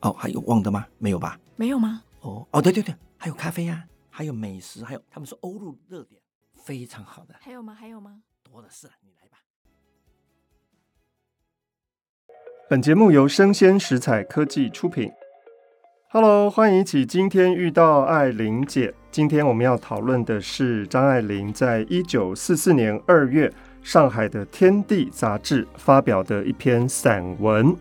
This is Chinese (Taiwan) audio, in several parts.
哦，還有忘的嗎？沒有吧？沒有嗎？哦哦，對對對，還有咖啡呀，啊，還有美食，還有他們是歐陸熱點，非常好的。還有嗎？還有嗎？多的是，啊，你來吧。本節目由聲鮮時采科技出品。Hello，歡迎一起今天遇道愛玲姐。今天我們要討論的是張愛玲在一九四四年二月《上海的天地》雜誌發表的一篇散文。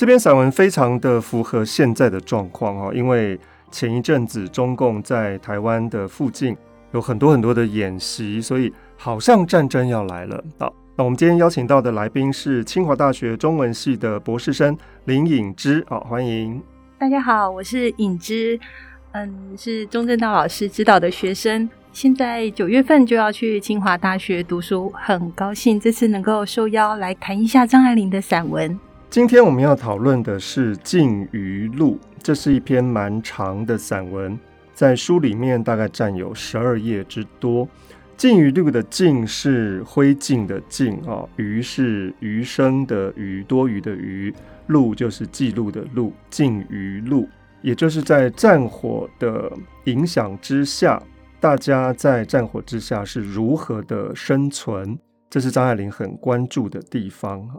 這篇散文非常的符合現在的狀況，因為前一陣子中共在台灣的附近有很多很多的演習，所以好像戰爭要來了啊。那我們今天邀請到的來賓是清華大學中文系的博士生林穎芝啊，歡迎。大家好，我是穎芝，嗯，是鍾正道老師指導的學生，現在九月份就要去清華大學讀書，很高興這次能夠受邀來談一下張愛玲的散文。今天我們要討論的是《燼餘錄》，這是一篇蠻長的散文，在書裡面大概占有十二頁之多。《燼餘錄》的“燼”是灰燼的“燼”啊，“餘”是餘生的“餘”，多餘的“餘”，“錄”就是記錄的“錄”。《燼餘錄》也就是在戰火的影響之下，大家在戰火之下是如何的生存，這是張愛玲很關注的地方啊。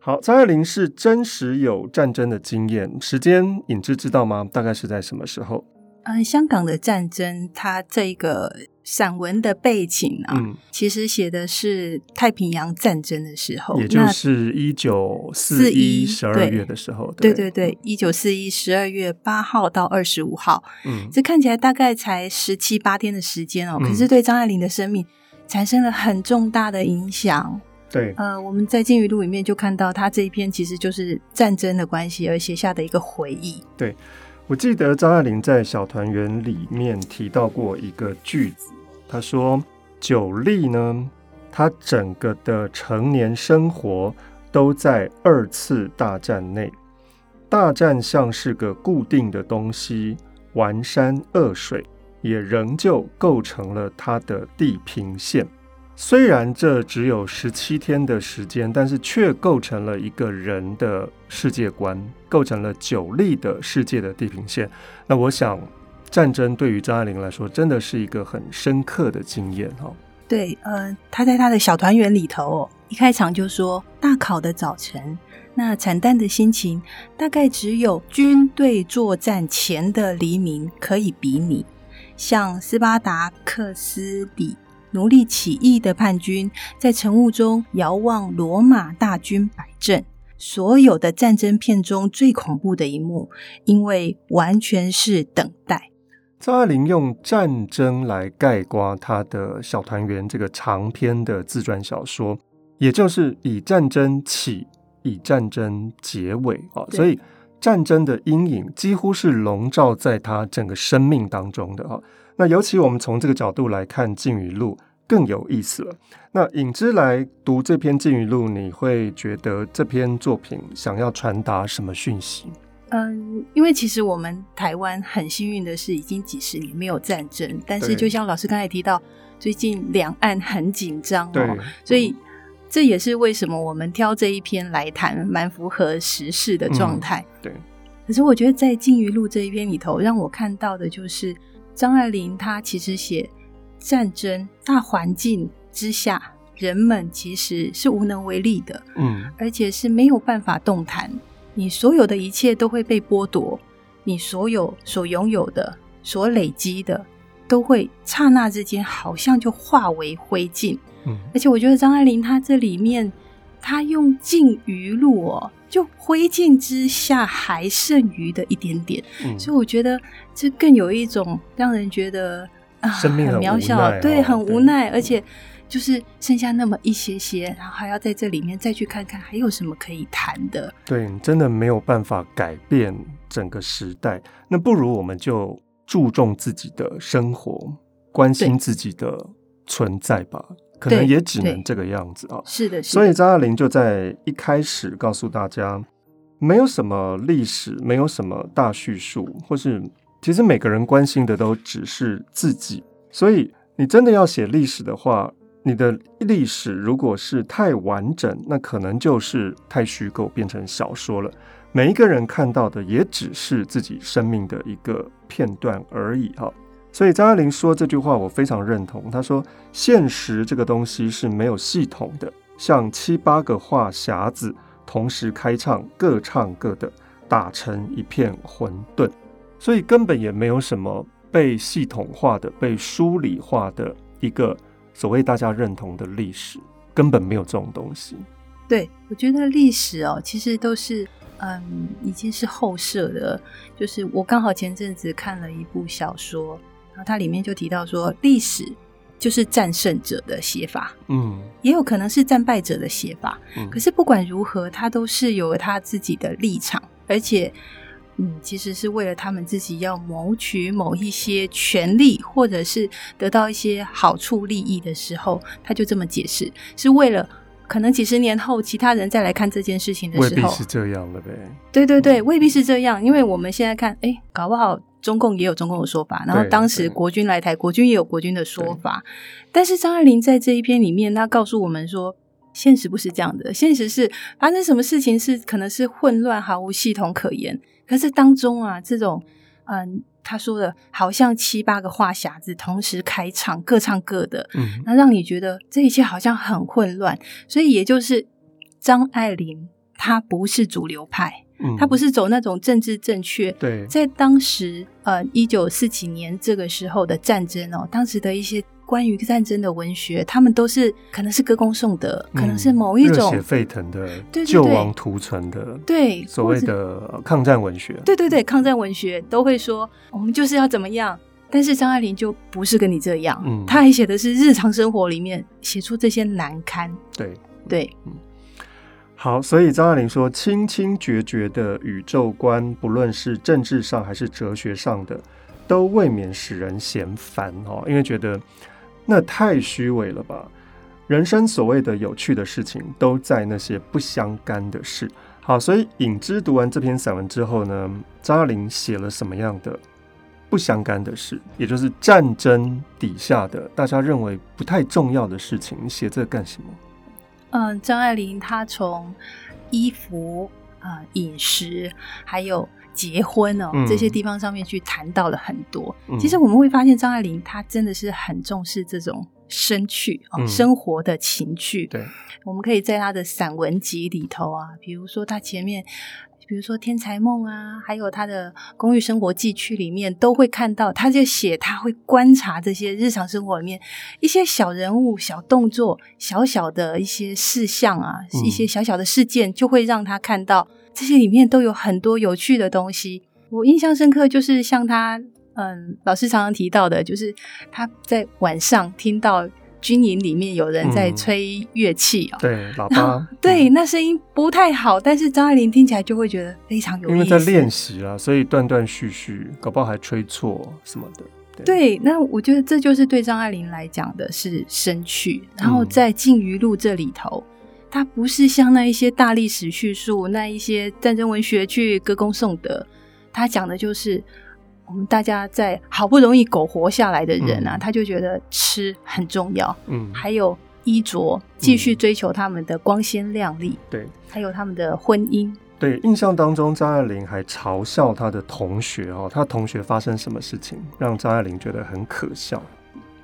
好，張愛玲是真實有戰爭的經驗，時間穎芝知、知道嗎？大概是在什麼時候？嗯，香港的戰爭，它這個散文的背景啊，嗯、其實寫的是太平洋戰爭的時候，也就是一九四一十二月的時候。對對對，一九四一十二月八號到二十五號，嗯，這看起來大概才十七八天的時間哦，嗯、可是對張愛玲的生命產生了很重大的影響。對，呃，我們在《燼餘錄》裡面就看到他這一篇，其實就是戰爭的關係而寫下的一個回憶。對，我記得張愛玲在《小團圓》裡面提到過一個句子，她說：“九莉呢，他整個的成年生活都在二次大戰內，大戰像是個固定的東西，頑山惡水也仍舊構成了他的地平線。”雖然這只有十七天的時間，但是卻構成了一個人的世界觀，構成了久立的世界的地平線。那我想，戰爭對於張愛玲來說真的是一個很深刻的經驗哈。對，呃，她在她的小團圓裡頭，一開場就說：“大考的早晨，那慘淡的心情，大概只有軍隊作戰前的黎明可以比擬，像斯巴達克斯裡。”奴隸起義的叛軍在晨霧中遙望羅馬大軍擺陣，所有的戰爭片中最恐怖的一幕，因為完全是等待。張愛玲用戰爭來概括他的《小團圓》這個長篇的自傳小說，也就是以戰爭起，以戰爭結尾啊對、哦，所以戰爭的陰影幾乎是籠罩在他整個生命當中的啊。那尤其我們從這個角度來看《燼餘錄》更有意思了。那穎芝來讀這篇《燼餘錄》，你會覺得這篇作品想要傳達什麼訊息？嗯，因為其實我們台灣很幸運的是，已經幾十年沒有戰爭，但是就像老師剛才提到，對最近兩岸很緊張哦，對所以這也是為什麼我們挑這一篇來談，蠻符合時事的狀態。嗯、對，可是我覺得在《燼餘錄》這一篇裡頭，讓我看到的就是。張愛玲她其實寫戰爭大環境之下，人們其實是無能為力的，嗯，而且是沒有辦法動彈，你所有的一切都會被剝奪，你所有所擁有的、所累積的，都會剎那之間好像就化為灰燼，嗯，而且我覺得張愛玲她這裡面。他用燼餘錄，就灰燼之下還剩餘的一點點，嗯、所以我覺得這更有一種讓人覺得啊，生命很渺、啊、小，對，很無奈，對而且就是剩下那麼一些些，對然後還要在這裡面再去看看還有什麼可以談的。對，你真的沒有辦法改變整個時代，那不如我們就注重自己的生活，關心自己的存在吧。可能也只能這個樣子啊。是的，是的。所以張愛玲就在一開始告訴大家，沒有什麼歷史，沒有什麼大敘述，或是其實每個人關心的都只是自己。所以你真的要寫歷史的話，你的歷史如果是太完整，那可能就是太虛構，變成小說了。每一個人看到的也只是自己生命的一個片段而已哈、啊。所以張愛玲說這句話，我非常認同。她說：“現實這個東西是沒有系統的，像七八個話匣子同時開唱，各唱各的，打成一片混沌，所以根本也沒有什麼被系統化的、被梳理化的一個所謂大家認同的歷史，根本沒有這種東西。”對，對，我覺得歷史哦，其實都是嗯，已經是後設的。就是我剛好前陣子看了一部小說。它裡面就提到說，歷史就是戰勝者的寫法，嗯，也有可能是戰敗者的寫法。嗯、可是不管如何，他都是有他自己的立場，而且，嗯，其實是為了他們自己要謀取某一些權利，或者是得到一些好處利益的時候，他就這麼解釋，是為了可能幾十年後其他人再來看這件事情的時候，未必是這樣了唄。對對對，未必是這樣，因為我們現在看，哎、欸，搞不好。中共也有中共的說法，然後當時國軍來台，國軍也有國軍的說法。對但是張愛玲在這一篇裡面，他告訴我們說，現實不是這樣的。現實是發生什麼事情是可能是混亂，毫無系統可言。可是當中啊，這種嗯，他說的好像七八個話匣子同時開唱，各唱各的，嗯，那讓你覺得這一切好像很混亂。所以也就是張愛玲，她不是主流派。嗯、他不是走那種政治正確。對，在當時呃一九四幾年這個時候的戰爭哦、喔，當時的一些關於戰爭的文學，他們都是可能是歌功頌德，嗯、可能是某一種熱血沸騰的對、救亡圖存的，對所謂的抗戰文學。對,對對對，嗯、抗戰文學都會說我們就是要怎麼樣，但是張愛玲就不是跟你這樣，嗯、他還寫的是日常生活裡面寫出這些難堪。對對。對好，所以張愛玲說“清堅決絕的宇宙觀，不論是政治上還是哲學上的，都未免使人嫌煩哦，因為覺得那太虛偽了吧。人生所謂的有趣的事情，都在那些不相干的事。好，所以穎芝讀完這篇散文之後呢，張愛玲寫了什麼樣的不相干的事？也就是戰爭底下的大家認為不太重要的事情，你寫這干什麼？嗯，張愛玲她從衣服、呃、飲食，還有結婚哦、喔嗯、這些地方上面去談到了很多。嗯、其實我們會發現，張愛玲她真的是很重視這種生趣、喔嗯、生活的情趣。嗯、對，我們可以在她的散文集裡頭啊，比如說她前面。比如說《天才夢》啊，還有他的《公寓生活記趣》裡面，都會看到，他就寫，他會觀察這些日常生活裡面一些小人物、小動作、小小的一些事項啊，一些小小的事件，就會讓他看到，嗯、這些裡面都有很多有趣的東西。我印象深刻，就是像他，嗯，老師常常提到的，就是他在晚上聽到。軍營裡面有人在吹樂器、喔嗯、對，喇叭， 對，那聲音不太好，嗯、但是張愛玲聽起來就會覺得非常有意思，因為在練習啊，所以斷斷續續，搞不好還吹錯什麼的。對，對，那我覺得這就是對張愛玲來講的是生趣。然後在《靜語錄》燼餘錄這裡頭，他、嗯、不是像那一些大歷史敘述，那一些戰爭文學去歌功頌德，他講的就是。我們大家在好不容易苟活下來的人啊，嗯、他就覺得吃很重要，嗯，還有衣着，嗯、繼續追求他們的光鮮亮麗，對，還有他們的婚姻。對，印象當中張愛玲還嘲笑她的同學哦，她同學發生什麼事情讓張愛玲覺得很可笑？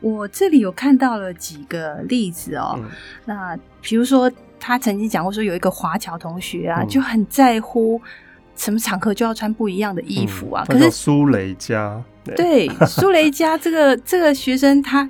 我這裡有看到了幾個例子哦，嗯、那比如說她曾經講過說，有一個華僑同學啊，嗯、就很在乎。什麼場合就要穿不一樣的衣服啊？嗯、可是蘇雷珈是、嗯、對蘇雷珈這個 這個學生他，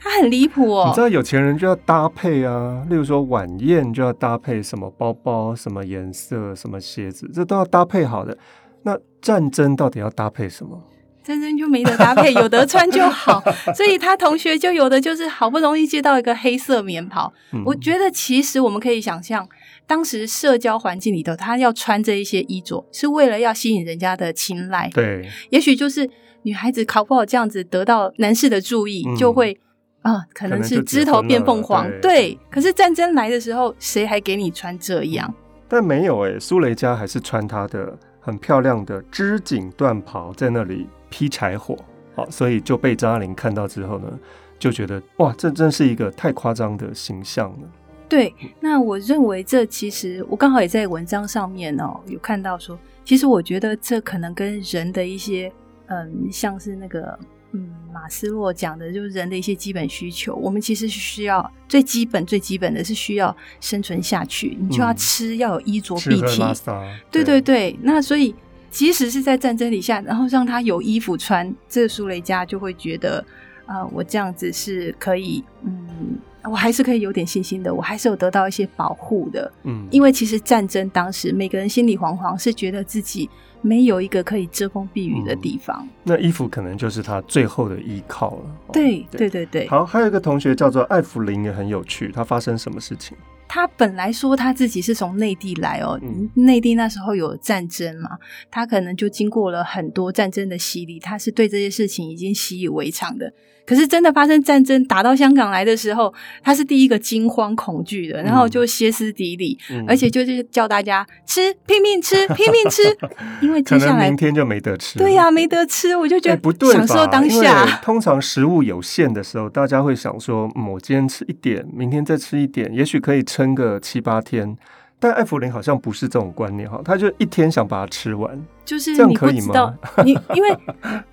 他他很離譜哦。你知道有錢人就要搭配啊，例如說晚宴就要搭配什麼包包、什麼顏色、什麼鞋子，這都要搭配好的。那戰爭到底要搭配什麼？戰爭就沒得搭配，有得穿就好。 所以他同學就有的就是好不容易接到一個黑色棉袍。嗯、我覺得其實我們可以想象。當時社交環境裡頭，她要穿這一些衣着，是為了要吸引人家的青睞。對，也許就是女孩子考不好這樣子，得到男士的注意，就會啊、嗯呃，可能是枝頭變鳳凰。對，對，可是戰爭來的時候，誰還給你穿這樣？嗯、但沒有哎、欸，蘇雷家還是穿他的很漂亮的織錦緞袍在那裡劈柴火。好，所以就被張愛玲看到之後呢，就覺得哇，這真是一個太誇張的形象了。對，那我認為這其實我剛好也在文章上面哦，有看到說，其實我覺得這可能跟人的一些，嗯，像是那個，嗯，馬斯洛講的，就是人的一些基本需求。我們其實是需要最基本、最基本的是需要生存下去，你就要吃，嗯、要有衣着蔽體。對，對對對，那所以即使是在戰爭底下，然後讓他有衣服穿，這個蘇雷珈就會覺得，啊、呃，我這樣子是可以，嗯。我還是可以有點信心的，我還是有得到一些保護的。嗯，因為其實戰爭當時，每個人心裡惶惶，是覺得自己沒有一個可以遮風避雨的地方。嗯、那衣服可能就是他最後的依靠了。對、哦、對，對對對。好，還有一個同學叫做艾弗林，也很有趣。他發生什麼事情？他本來說他自己是從內地來哦、喔、內、嗯、地那時候有戰爭嘛，他可能就經過了很多戰爭的洗禮，他是對這些事情已經習以為常的。可是真的發生戰爭打到香港來的時候，他是第一個驚慌恐懼的，然後就歇斯底里，嗯、而且就是叫大家吃拼命吃拼命吃，命吃 因為接下來明天就沒得吃。對呀、啊，沒得吃，我就覺得、欸、不對。享受當下，通常食物有限的時候，大家會想說、嗯，我今天吃一點，明天再吃一點，也許可以撐個七八天。但艾弗林好像不是這種觀念哈，他就一天想把它吃完，就是你不知道，這樣可以嗎？ 你因為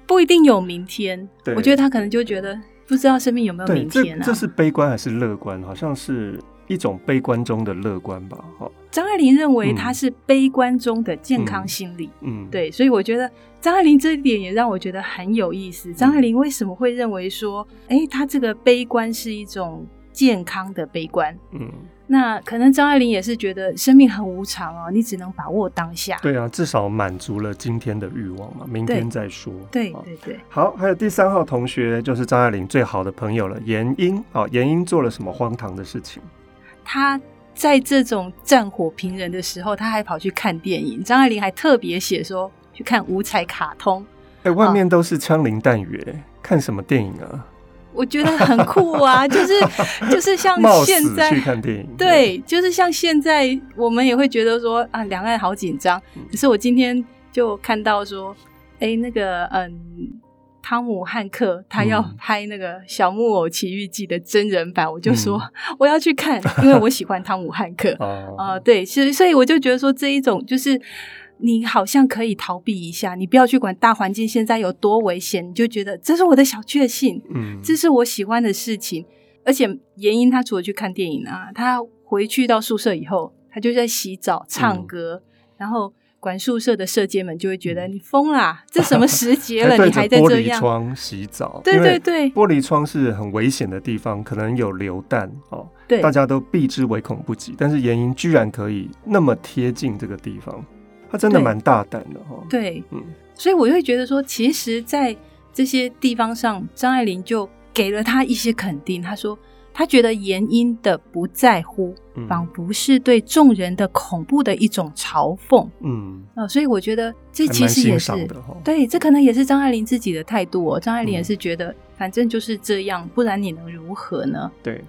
不一定有明天，對我覺得他可能就覺得不知道生命有沒有明天啊。這，這是悲觀還是樂觀？好像是一種悲觀中的樂觀吧。哈，張愛玲認為他是悲觀中的健康心理，嗯，嗯對，所以我覺得張愛玲這一點也讓我覺得很有意思。張愛玲為什麼會認為說，哎、嗯欸，他這個悲觀是一種健康的悲觀？嗯。那可能張愛玲也是覺得生命很無常哦、啊，你只能把握當下。對啊，至少滿足了今天的欲望嘛，明天再說。對,對對對。好，還有第三號同學就是張愛玲最好的朋友了，炎櫻。哦，炎櫻做了什麼荒唐的事情？他在這種戰火頻仍的時候，他還跑去看電影。張愛玲還特別寫說去看五彩卡通。哎、欸，外面都是槍林彈雨、欸，嗯、看什麼電影啊？我覺得很酷啊， 就是就是像現在去看電影，對，就是像現在我們也會覺得說啊，兩岸好緊張。嗯、可是我今天就看到說，誒、欸、那個嗯，湯姆漢克他要拍那個《小木偶奇遇記》的真人版，嗯、我就說我要去看，因為我喜歡湯姆漢克啊。對，其實所以我就覺得說這一種就是。你好像可以逃避一下，你不要去管大環境現在有多危險，你就覺得這是我的小確幸，嗯，這是我喜歡的事情。而且炎櫻他除了去看電影啊，他回去到宿舍以後，他就在洗澡、唱歌，嗯、然後管宿舍的舍監們就會覺得、嗯、你瘋啦，這什麼時節了，你還在這樣？玻璃窗洗澡，對對對，玻璃窗是很危險的地方，可能有流彈哦，對，大家都避之唯恐不及，但是炎櫻居然可以那麼貼近這個地方。他真的蠻大膽的哈，對，嗯，所以我會覺得說，其實，在這些地方上，張愛玲就給了他一些肯定。他說，他覺得炎櫻的不在乎，嗯、仿佛是對眾人的恐怖的一種嘲諷，嗯啊、呃，所以我覺得這其實也是，哦、對，這可能也是張愛玲自己的態度哦。張愛玲也是覺得，嗯、反正就是這樣，不然你能如何呢？對，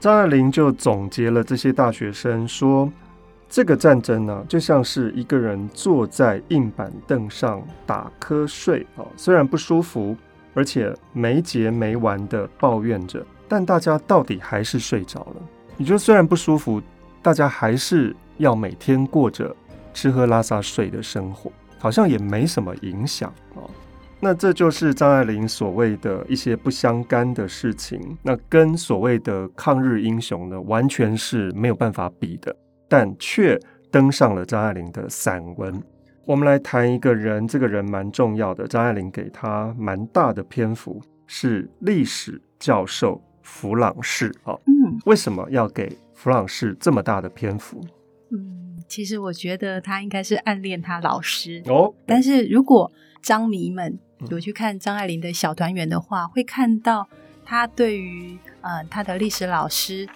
張愛玲就總結了這些大學生說。這個戰爭呢，就像是一個人坐在硬板凳上打瞌睡啊、哦，雖然不舒服，而且沒結沒完的抱怨着，但大家到底還是睡着了。你說雖然不舒服，大家還是要每天過着吃喝拉撒睡的生活，好像也沒什麼影響啊、哦。那這就是張愛玲所謂的一些不相干的事情，那跟所謂的抗日英雄呢，完全是沒有辦法比的。但卻登上了張愛玲的散文。我們來談一個人，這個人蠻重要的，張愛玲給他蠻大的篇幅，是歷史教授弗朗士啊。哦，嗯，為什麼要給弗朗士這麼大的篇幅？嗯，其實我覺得他應該是暗戀他老師哦。但是如果張迷們有去看張愛玲的小團圓的話，會看到他對於嗯，呃，他的歷史老師。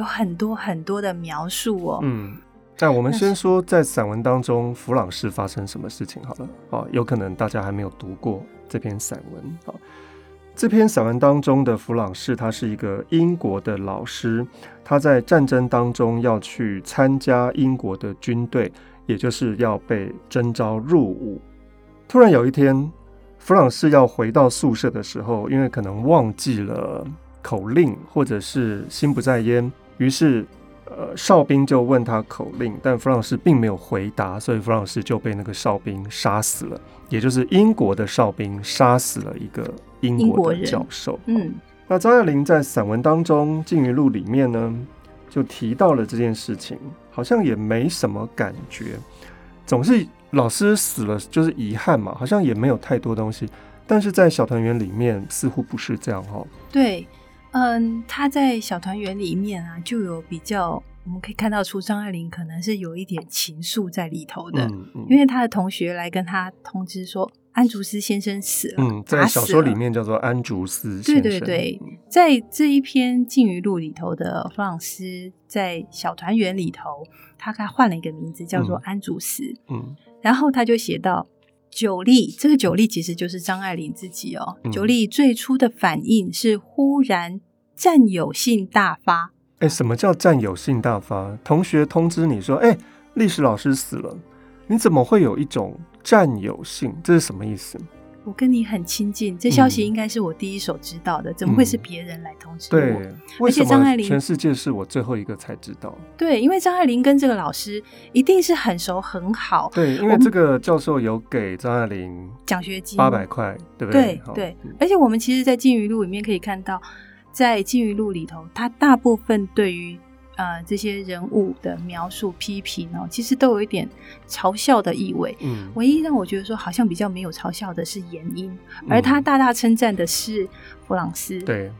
有很多很多的描述哦。嗯，但我們先說在散文當中，弗朗士發生什麼事情好了。哦，有可能大家還沒有讀過這篇散文。好、哦，這篇散文當中的弗朗士，他是一個英國的老師，他在戰爭當中要去參加英國的軍隊，也就是要被徵召入伍。突然有一天，弗朗士要回到宿舍的時候，因為可能忘記了口令，或者是心不在焉。於是，呃，哨兵就問他口令，但弗朗斯並沒有回答，所以弗朗斯就被那個哨兵殺死了。也就是英國的哨兵殺死了一個英國的教授。嗯，那張愛玲在散文當中《燼餘錄》裡面呢，就提到了這件事情，好像也沒什麼感覺，總是老師死了就是遺憾嘛，好像也沒有太多東西。但是在《小團圓》裡面似乎不是這樣哦。對。嗯，他在《小團圓》裡面啊，就有比較，我們可以看到出張愛玲可能是有一點情愫在裡頭的，嗯嗯、因為他的同學來跟他通知說安竹斯先生死了。嗯，在小說裡面叫做安竹斯先生。嗯、先生對對對，在這一篇《燼餘錄》裡頭的弗朗斯，在《小團圓》裡頭，他他換了一個名字叫做安竹斯。嗯，嗯，然後他就寫到。九莉，這個九莉其實就是張愛玲自己哦。嗯、九莉最初的反應是忽然占有性大發。哎、欸，什麼叫占有性大發？同學通知你說，誒、欸，歷史老師死了，你怎麼會有一種占有性？這是什麼意思？我跟你很親近，這消息應該是我第一手知道的，嗯、怎麼會是別人來通知我？嗯、對，而且張愛玲，全世界是我最後一個才知道。對，因為張愛玲跟這個老師一定是很熟很好。對，因為這個教授有給張愛玲獎學金八百塊，對不對？對，而且我們其實，在燼餘錄裡面可以看到，在燼餘錄裡頭，他大部分對於。呃，這些人物的描述、批評哦、喔，其實都有一點嘲笑的意味。嗯，唯一讓我覺得說好像比較沒有嘲笑的是炎櫻，嗯、而他大大稱讚的是佛朗士。對，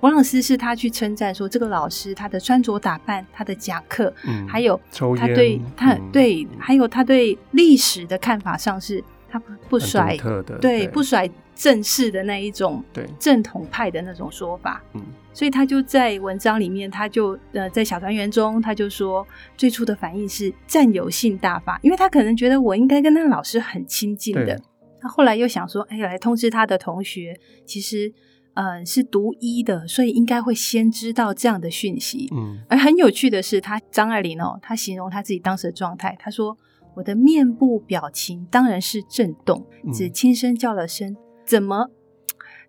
佛、嗯、朗士是他去稱讚說這個老師，他的穿着打扮、他的夾克，嗯、還有他對菸他對還有他對歷史的看法上是他不不甩對，對不甩。正式的那一種，對，正統派的那種說法，嗯、所以他就在文章裡面，他就呃，在小團圓中，他就說，最初的反應是占有性大發，因為他可能覺得我應該跟那個老師很親近的。對他後來又想說，哎、欸，來通知他的同學，其實，嗯、呃，是讀醫的，所以應該會先知道這樣的訊息。嗯、而很有趣的是，他張愛玲哦，他形容他自己當時的狀態，他說，我的面部表情當然是震動，只輕聲叫了聲。嗯怎麼？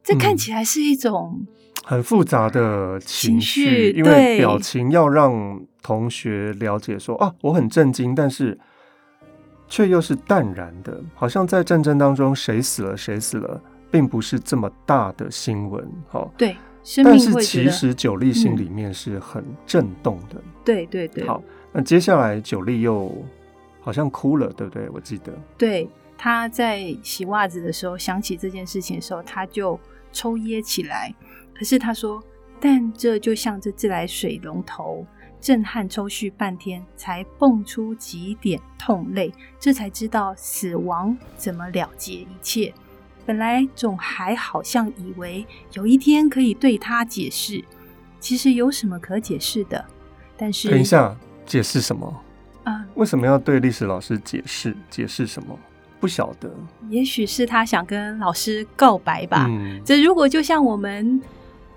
這看起來是一種、嗯、很複雜的情緒，情緒因為對表情要讓同學了解說：“哦、啊，我很震驚，但是卻又是淡然的，好像在戰爭當中，誰死了，誰死了，並不是這麼大的新聞。哦”哈，對，但是其實九莉心裡面是很震動的。嗯、對對對。好，那接下來九莉又好像哭了，對不對？我記得，對。他在洗襪子的時候，想起這件事情的時候，他就抽噎起來。可是他說：“但這就像這自來水龍頭，震撼抽蓄半天，才蹦出幾點痛淚，這才知道死亡怎麼了結一切。本來總還好像以為有一天可以對他解釋，其實有什麼可解釋的？但是等一下，解釋什麼？啊？為什麼要對歷史老師解釋？解釋什麼？”不曉得，也許是他想跟老師告白吧。嗯、這如果就像我們，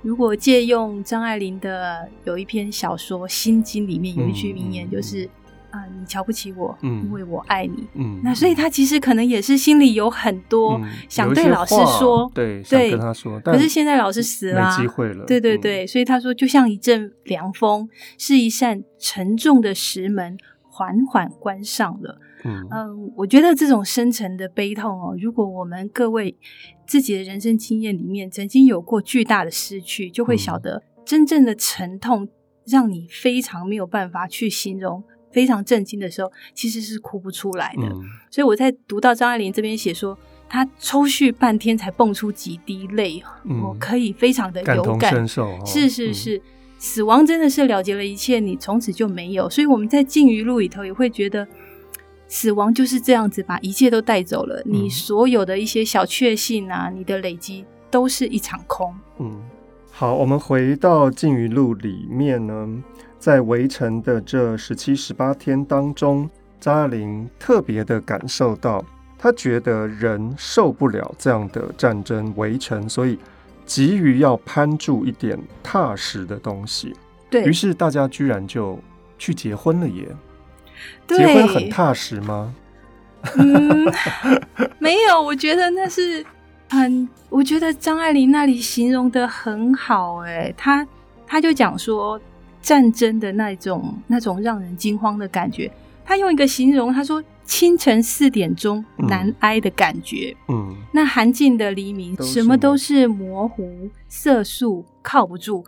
如果借用張愛玲的有一篇小說《心經》裡面有一句名言，就是、嗯嗯、啊，你瞧不起我，嗯、因為我愛你。嗯，那所以他其實可能也是心裡有很多想對老師說，對、嗯、對，跟他說。可是現在老師死了、啊，沒機會了。嗯、對對對，所以他說，就像一陣涼風，是一扇沉重的石門緩緩關上了。嗯、呃，我覺得這種深沉的悲痛哦，如果我們各位自己的人生經驗裡面曾經有過巨大的失去，就會曉得真正的沉痛讓你非常沒有辦法去形容，非常震驚的時候其實是哭不出來的。嗯、所以我在讀到張愛玲這邊寫說，他抽蓄，半天才蹦出幾滴淚，嗯、我可以非常的勇敢感同身受。是是是，嗯、死亡真的是了結了一切，你從此就沒有。所以我們在《燼餘錄》裡頭也會覺得。死亡就是這樣子，把一切都帶走了。嗯、你所有的一些小確幸啊，你的累積都是一場空。嗯，好，我們回到《燼餘錄》裡面呢，在圍城的這十七十八天當中，張愛玲特別的感受到，他覺得人受不了這樣的戰爭圍城，所以急於要攀住一點踏實的東西。對。於是，大家居然就去結婚了耶。對，結婚很踏實嗎？嗯，沒有，我覺得那是很、嗯，我覺得張愛玲那裡形容得很好、欸。哎，她她就講說戰爭的那種那種讓人驚慌的感覺，她用一個形容，她說清晨四點鐘難挨的感覺。嗯，那寒靜的黎明，什麼都是模糊、瑟縮靠不住。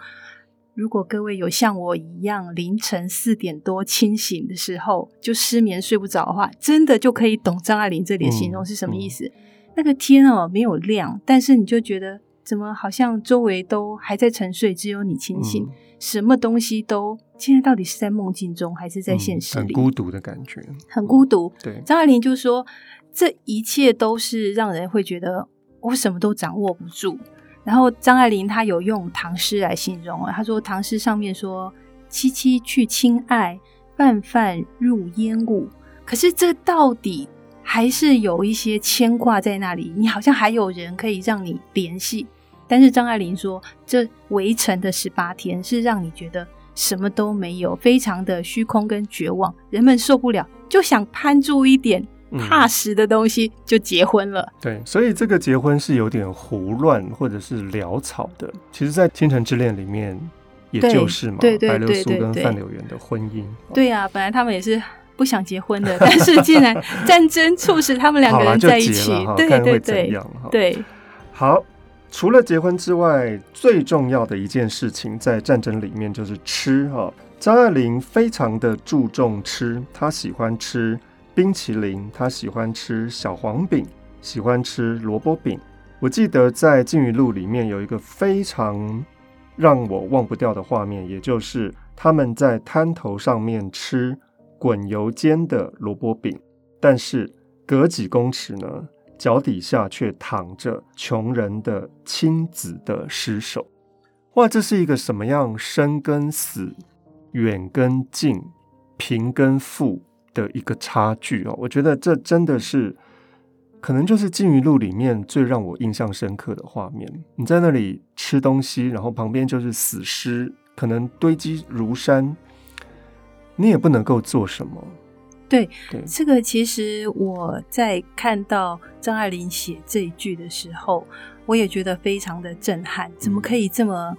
如果各位有像我一樣凌晨四點多清醒的時候就失眠睡不着的話，真的就可以懂張愛玲這點形容是什麼意思。嗯嗯、那個天哦、啊、沒有亮，但是你就覺得怎麼好像周圍都還在沉睡，只有你清醒，嗯、什麼東西都現在到底是在夢境中還是在現實裡、嗯、很孤獨的感覺，很孤獨。嗯、對，張愛玲就說這一切都是讓人會覺得我什麼都掌握不住。然後張愛玲她有用唐詩來形容啊，她說唐詩上面說“淒淒去親愛，泛泛入煙霧”，可是這到底還是有一些牽掛在那裡，你好像還有人可以讓你聯繫。但是張愛玲說，這圍城的十八天是讓你覺得什麼都沒有，非常的虛空跟絕望，人們受不了就想攀住一點。踏實的東西就結婚了、嗯。對，所以這個結婚是有點胡亂或者是潦草的。其實，在《傾城之戀》裡面，也就是嘛，白流蘇跟范柳原的婚姻。對啊，哦、本來他們也是不想結婚的， 但是竟然戰爭促使他們兩個人在一起。 好啊、就結了，啊、對對哈，對，對，對、看會怎樣，哦，好，除了結婚之外，最重要的一件事情在戰爭裡面就是吃哈、哦。張愛玲非常的注重吃，她喜歡吃。冰淇淋，他喜歡吃小黃餅，喜歡吃蘿蔔餅。我記得在《燼餘錄》裡面有一個非常讓我忘不掉的畫面，也就是他們在灘頭上面吃滾油煎的蘿蔔餅，但是隔幾公尺呢，腳底下卻躺着窮人的親子的屍首。哇，這是一個什麼樣生跟死，遠跟近，貧跟富，的一個差距哦，我覺得這真的是可能就是《燼餘錄》裡面最讓我印象深刻的畫面。你在那裡吃東西，然後旁邊就是死屍，可能堆積如山，你也不能夠做什麼。對，對，這個其實我在看到張愛玲寫這一句的時候，我也覺得非常的震撼，怎麼可以這麼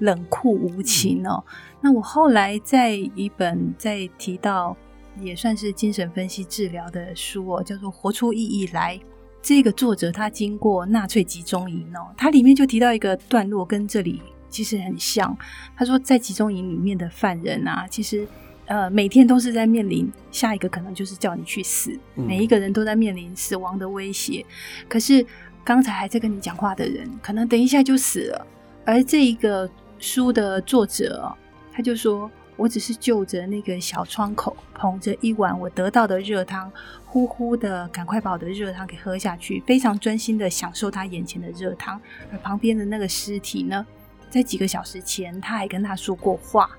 冷酷無情呢、喔？嗯、那我後來在一本在提到。也算是精神分析治療的書哦、喔，叫做《活出意義來》。這個作者他經過納粹集中營哦、喔，他裡面就提到一個段落，跟這裡其實很像。他說，在集中營裡面的犯人啊，其實呃每天都是在面臨下一個可能就是叫你去死，嗯、每一個人都在面臨死亡的威脅。可是剛才還在跟你講話的人，可能等一下就死了。而這一個書的作者、喔、他就說。我只是就着那個小窗口，捧着一碗我得到的熱湯，呼呼的趕快把我的熱湯給喝下去，非常專心的享受他眼前的熱湯。而旁邊的那個屍體呢，在幾個小時前他還跟他說過話。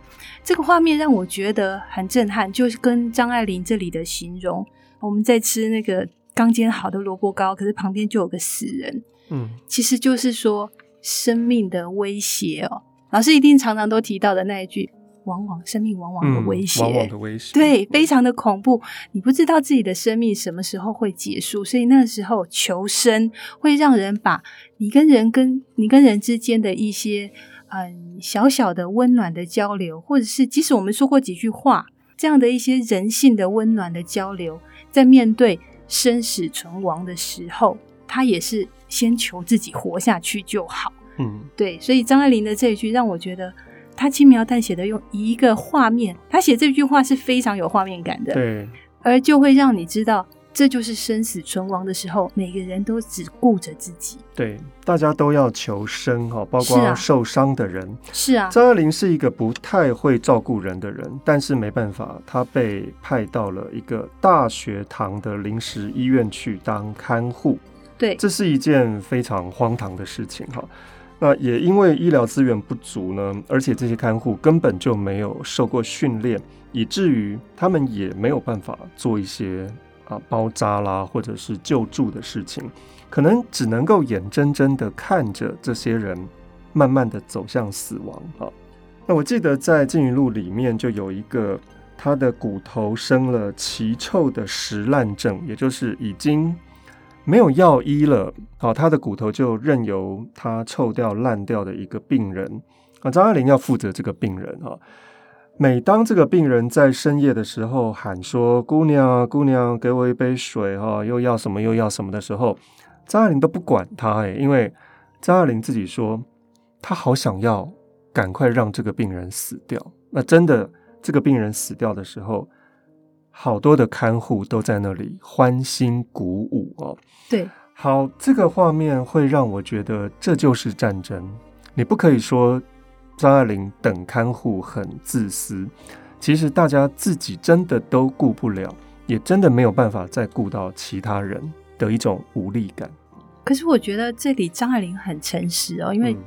這個畫面讓我覺得很震撼，就是跟張愛玲這裡的形容：我們在吃那個剛煎好的蘿蔔糕，可是旁邊就有個死人。嗯，其實就是說生命的威脅哦。老師一定常常都提到的那一句。往往生命往往的威脅，嗯、往往的威脅，對，非常的恐怖。嗯、你不知道自己的生命什麼時候會結束，所以那時候求生會讓人把你跟人跟你跟人之間的一些嗯、呃、小小的溫暖的交流，或者是即使我們說過幾句話這樣的一些人性的溫暖的交流，在面對生死存亡的時候，他也是先求自己活下去就好。嗯，對，所以張愛玲的這一句讓我覺得。他輕描淡寫的用一個畫面，他寫這句話是非常有畫面感的，對，而就會讓你知道，這就是生死存亡的時候，每個人都只顧着自己，對，大家都要求生哈，包括受傷的人，是啊，是啊。張愛玲是一個不太會照顧人的人，但是沒辦法，她被派到了一個大學堂的臨時醫院去當看護，對，這是一件非常荒唐的事情哈。那也因為醫療資源不足呢，而且這些看護根本就沒有受過訓練，以至於他們也沒有辦法做一些啊包紮啦或者是救助的事情，可能只能夠眼睜睜地看着這些人慢慢地走向死亡哈、啊，那我記得在燼餘錄裡面就有一個他的骨頭生了奇臭的蝕爛症，也就是已經。沒有藥醫了，好，他的骨頭就任由他臭掉爛掉的一個病人啊。張愛玲要負責這個病人啊。每當這個病人在深夜的時候喊說：“姑娘，姑娘，給我一杯水哈，又要什麼又要什麼”的時候，張愛玲都不管他哎，因為張愛玲自己說，她好想要趕快讓這個病人死掉。那真的，這個病人死掉的時候。好多的看護都在那裡歡欣鼓舞哦。對，好，這個畫面會讓我覺得這就是戰爭。你不可以說張愛玲等看護很自私，其實大家自己真的都顧不了，也真的沒有辦法再顧到其他人的一種無力感。可是我覺得這裡張愛玲很誠實哦，因為、嗯。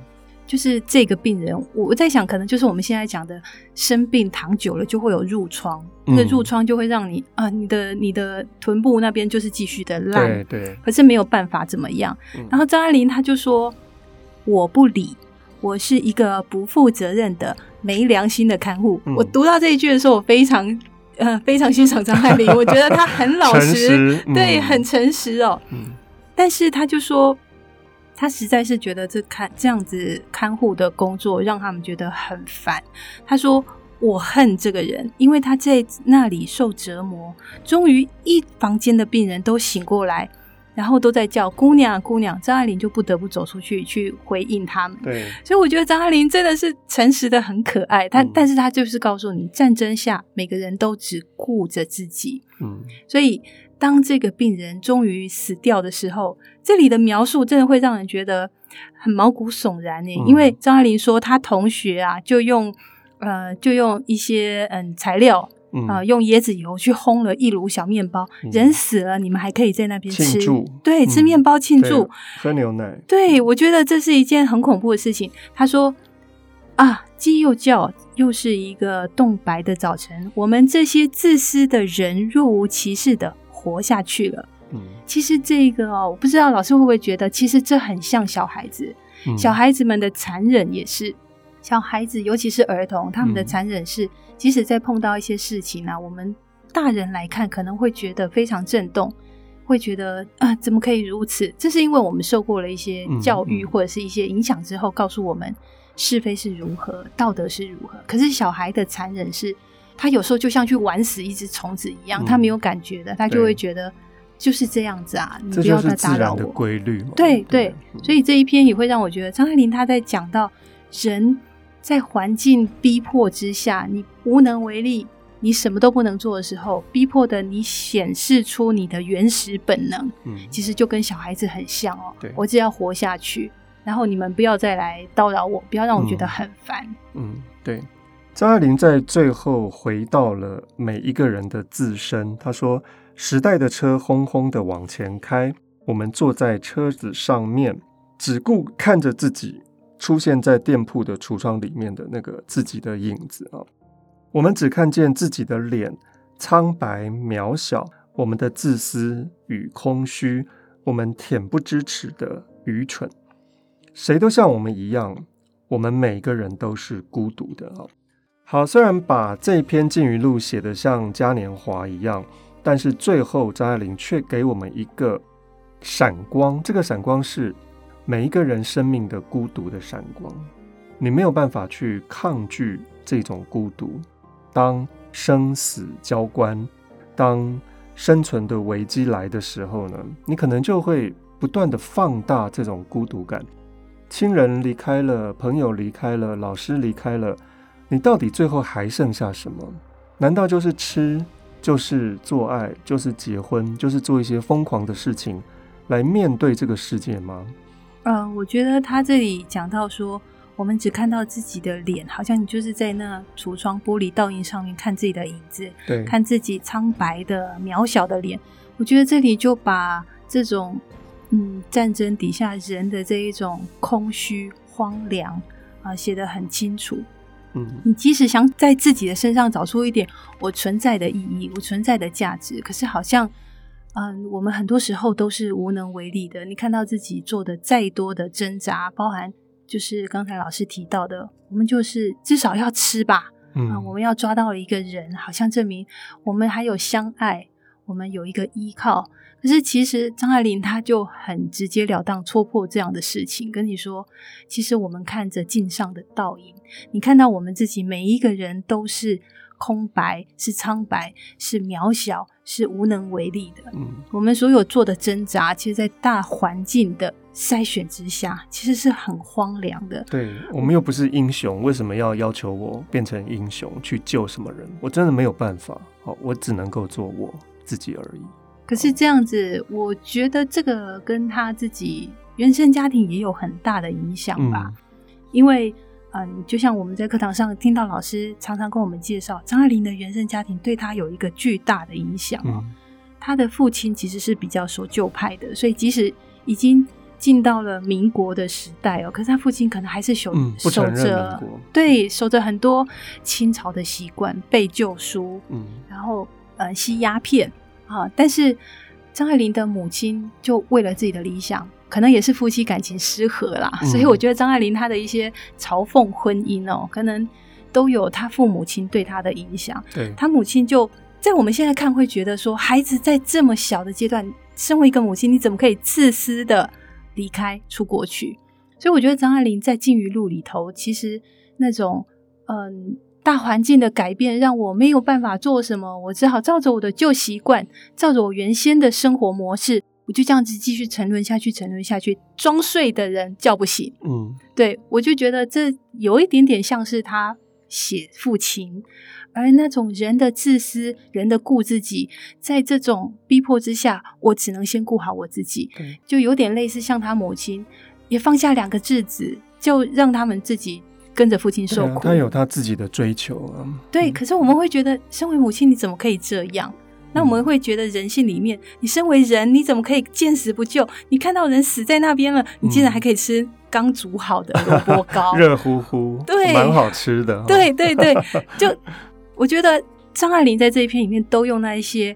就是這個病人，我我在想，可能就是我們現在講的生病躺久了就會有褥瘡，嗯、那褥瘡就會讓你啊、呃，你的你的臀部那邊就是繼續的爛，可是沒有辦法怎麼樣。然後張愛玲她就說：“嗯、我不理，我是一個不負責任的、沒良心的看護。嗯”我讀到這一句的時候，我非常呃非常欣賞張愛玲， 我覺得她很老實，誠實嗯、對，很誠實哦、喔。嗯。但是她就說。他實在是覺得這看這樣子看護的工作讓他們覺得很煩。他說：“我恨這個人，因為他在那裡受折磨。”終於，一房間的病人都醒過來。然後都在叫姑娘姑娘，張愛玲就不得不走出去去回應他們。對，所以我覺得張愛玲真的是誠實的很可愛，但、嗯、但是她就是告訴你，戰爭下每個人都只顧着自己。嗯，所以當這個病人終於死掉的時候，這裡的描述真的會讓人覺得很毛骨悚然呢。嗯、因為張愛玲說，她同學啊，就用呃，就用一些嗯、呃、材料。啊、嗯呃、用椰子油去烘了一爐小麵包，嗯、人死了，你們還可以在那邊吃慶祝。對，吃麵包慶祝。喝、嗯、牛奶。對，我覺得這是一件很恐怖的事情。他說：“啊，雞又叫，又是一個凍白的早晨。我們這些自私的人若無其事的活下去了。嗯”其實這個哦、喔，我不知道老師會不會覺得，其實這很像小孩子。小孩子們的殘忍也是，小孩子尤其是兒童，他們的殘忍是。嗯即使在碰到一些事情呢、啊，我們大人來看可能會覺得非常震動，會覺得啊、呃，怎麼可以如此？這是因為我們受過了一些教育或者是一些影響之後，嗯嗯、告訴我們是非是如何，嗯、道德是如何。可是小孩的殘忍是，他有時候就像去玩死一隻蟲子一樣，嗯、他沒有感覺的，他就會覺得就是這樣子啊，嗯、你不要再打擾我。這就是自然的規律嘛、對對，對，嗯、所以這一篇也會讓我覺得張愛玲她在講到人。在環境逼迫之下，你無能為力，你什麼都不能做的時候，逼迫的你顯示出你的原始本能，嗯、其實就跟小孩子很像哦。對我只要活下去，然後你們不要再來叨擾我，不要讓我覺得很煩、嗯。嗯，對。張愛玲在最後回到了每一個人的自身，她說：“時代的車轟轟的往前開，我們坐在車子上面，只顧看着自己。”出現在店鋪的櫥窗裡面的那個自己的影子啊，我們只看見自己的臉蒼白渺小，我們的自私與空虛，我們恬不知恥的愚蠢，誰都像我們一樣，我們每個人都是孤獨的啊。好，雖然把這篇《燼餘錄》寫得像嘉年華一樣，但是最後張愛玲卻給我們一個閃光，這個閃光是。每一個人生命的孤獨的閃光，你沒有辦法去抗拒這種孤獨。當生死交關，當生存的危機來的時候呢，你可能就會不斷地放大這種孤獨感。親人離開了，朋友離開了，老師離開了，你到底最後還剩下什麼？難道就是吃，就是做愛，就是結婚，就是做一些瘋狂的事情來面對這個世界嗎？嗯、呃，我覺得他這裡講到說，我們只看到自己的臉，好像你就是在那櫥窗玻璃倒影上面看自己的影子，對，看自己蒼白的、渺小的臉。我覺得這裡就把這種，嗯，戰爭底下人的這一種空虛、荒涼啊、呃，寫得很清楚。嗯哼，你即使想在自己的身上找出一點我存在的意義，我存在的價值，可是好像。嗯，我們很多時候都是無能為力的。你看到自己做的再多的掙扎，包含就是剛才老師提到的，我們就是至少要吃吧。嗯，嗯，我們要抓到一個人，好像證明我們還有相愛，我們有一個依靠。可是其實張愛玲她就很直截了當戳破這樣的事情，跟你說，其實我們看着鏡上的倒影，你看到我們自己每一個人都是。空白是蒼白，是渺小，是無能為力的。嗯，我們所有做的掙扎，其實，在大環境的篩選之下，其實是很荒涼的。對，我們又不是英雄，嗯，為什麼要要求我變成英雄去救什麼人？我真的沒有辦法。我只能夠做我自己而已。可是這樣子，我覺得這個跟他自己原生家庭也有很大的影響吧，嗯，因為。嗯，就像我們在課堂上聽到老師常常跟我們介紹，張愛玲的原生家庭對她有一個巨大的影響哦。嗯、他的父親其實是比較守舊派的，所以即使已經進到了民國的時代哦，可是他父親可能還是守、嗯、守着，對，守着很多清朝的習慣，背舊書，嗯，然後呃吸鴉片啊。但是張愛玲的母親就為了自己的理想。可能也是夫妻感情失和啦，嗯、所以我覺得張愛玲她的一些嘲諷婚姻哦、喔，可能都有她父母親對她的影響。對她母親，就在我們現在看會覺得說，孩子在這麼小的階段，身為一個母親，你怎麼可以自私的離開出國去？所以我覺得張愛玲在《燼餘錄》裡頭，其實那種嗯大環境的改變，讓我沒有辦法做什麼，我只好照着我的舊習慣，照着我原先的生活模式。我就這樣子繼續沉淪下去，沉淪下去。裝睡的人叫不醒。嗯，對我就覺得這有一點點像是他寫父親，而那種人的自私，人的顧自己，在這種逼迫之下，我只能先顧好我自己。對，就有點類似像他母親也放下兩個稚子，就讓他們自己跟着父親受苦、啊。他有他自己的追求、啊。對，嗯、可是我們會覺得，身為母親，你怎麼可以這樣？那我們會覺得人性裡面，你身為人，你怎麼可以見死不救？你看到人死在那邊了，嗯、你竟然還可以吃剛煮好的蘿蔔糕，熱 乎乎，對，很好吃的、哦。對對對， 就我覺得張愛玲在這一篇裡面都用那一些，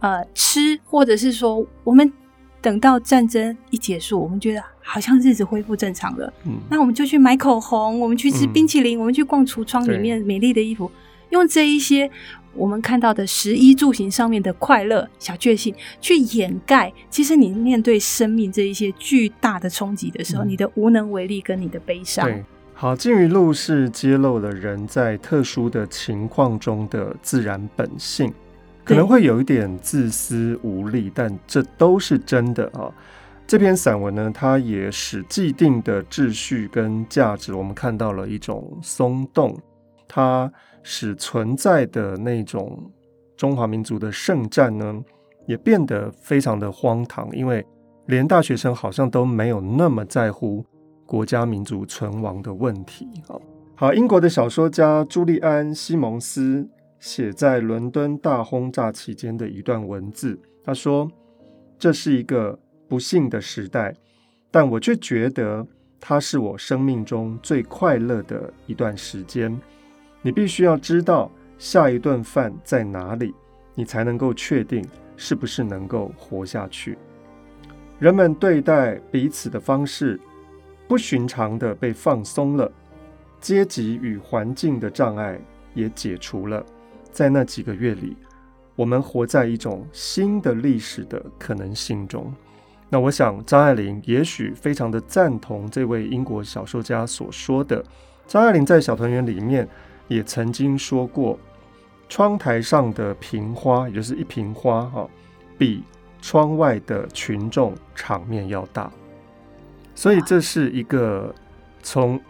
呃，吃或者是說，我們等到戰爭一結束，我們覺得好像日子恢復正常了，嗯，那我們就去買口紅，我們去吃冰淇淋，嗯、我們去逛櫥窗裡面美麗的衣服，對用這一些。 我們看到的食衣住行上面的快樂小確幸，去掩蓋其實你面對生命這一些巨大的衝擊的時候，嗯、你的無能為力跟你的悲傷。對，好，《燼餘錄》是揭露了人在特殊的情況中的自然本性，對可能會有一點自私無力，但這都是真的啊。這篇散文呢，它也使既定的秩序跟價值，我們看到了一種鬆動。它。使存在的那種中華民族的聖戰呢，也變得非常的荒唐，因為連大學生好像都沒有那麼在乎國家民族存亡的問題。好好，英國的小說家朱利安·西蒙斯寫在倫敦大轟炸期間的一段文字，他說：“這是一個不幸的時代，但我卻覺得它是我生命中最快樂的一段時間。”你必須要知道下一頓飯在哪裡，你才能夠確定是不是能夠活下去。人們對待彼此的方式不尋常地被放鬆了，階級與環境的障礙也解除了。在那幾個月裡，我們活在一種新的歷史的可能性中。那我想，張愛玲也許非常的贊同這位英國小說家所說的，張愛玲在《小團圓》裡面。也曾經說過，窗臺上的瓶花，也就是一瓶花，哦，哈，比窗外的群眾場面要大。所以這是一個從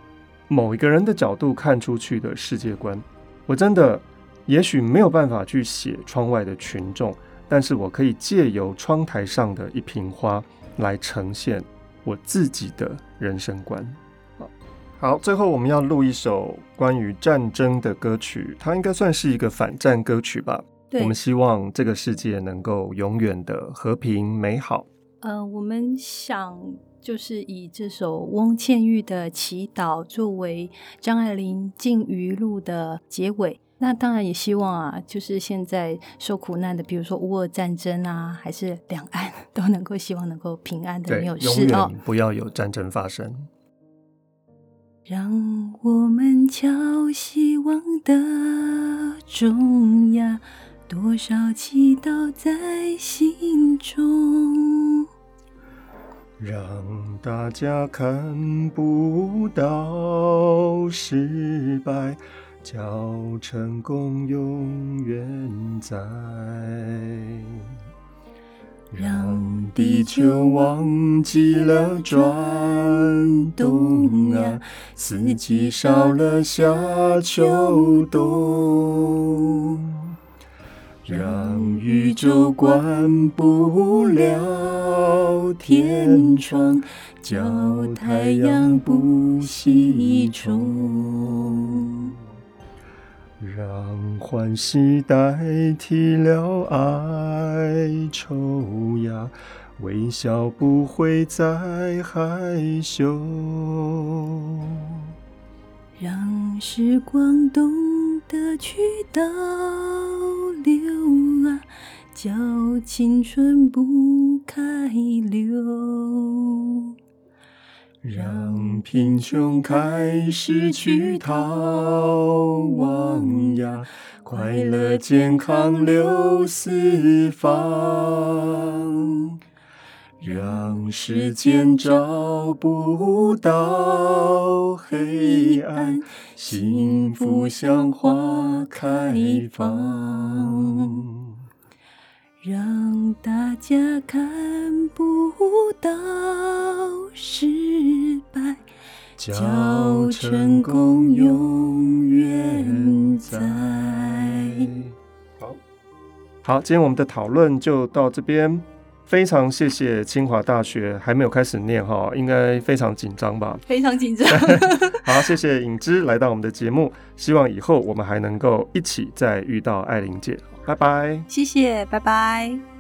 某一個人的角度看出去的世界觀。我真的也許沒有辦法去寫窗外的群眾，但是我可以借由窗臺上的一瓶花來呈現我自己的人生觀。好，最後我們要錄一首關於戰爭的歌曲，它應該算是一個反戰歌曲吧。對我們希望這個世界能夠永遠的和平美好。嗯、呃，我們想就是以這首翁倩玉的《祈禱》作為張愛玲《燼餘錄》的結尾。那當然也希望啊，就是現在受苦難的，比如說烏俄戰爭啊，還是兩岸，都能夠希望能夠平安的沒有事哦，不要有戰爭發生。哦讓我們敲希望的鐘呀，多少祈禱在心中。讓大家看不到失敗，叫成功永遠在。讓地球忘記了轉動啊，四季少了夏秋冬。讓宇宙關不了天窗，叫太陽不西沖。讓歡喜代替了哀愁呀，微笑不會再害羞。讓時光懂得去倒流啊，叫青春不開溜。讓貧窮開始去逃亡呀，快樂健康流四方。讓時間找不到黑暗，幸福像花開放。讓大家看不到失敗，叫成功永遠在。好，好，今天我們的討論就到這邊。非常謝謝清華大學，還沒有開始念哈，應該非常緊張吧？非常緊張。好，謝謝穎芝來到我們的節目， 希望以後我們還能夠一起再遇到愛玲姐。拜拜，謝謝，拜拜。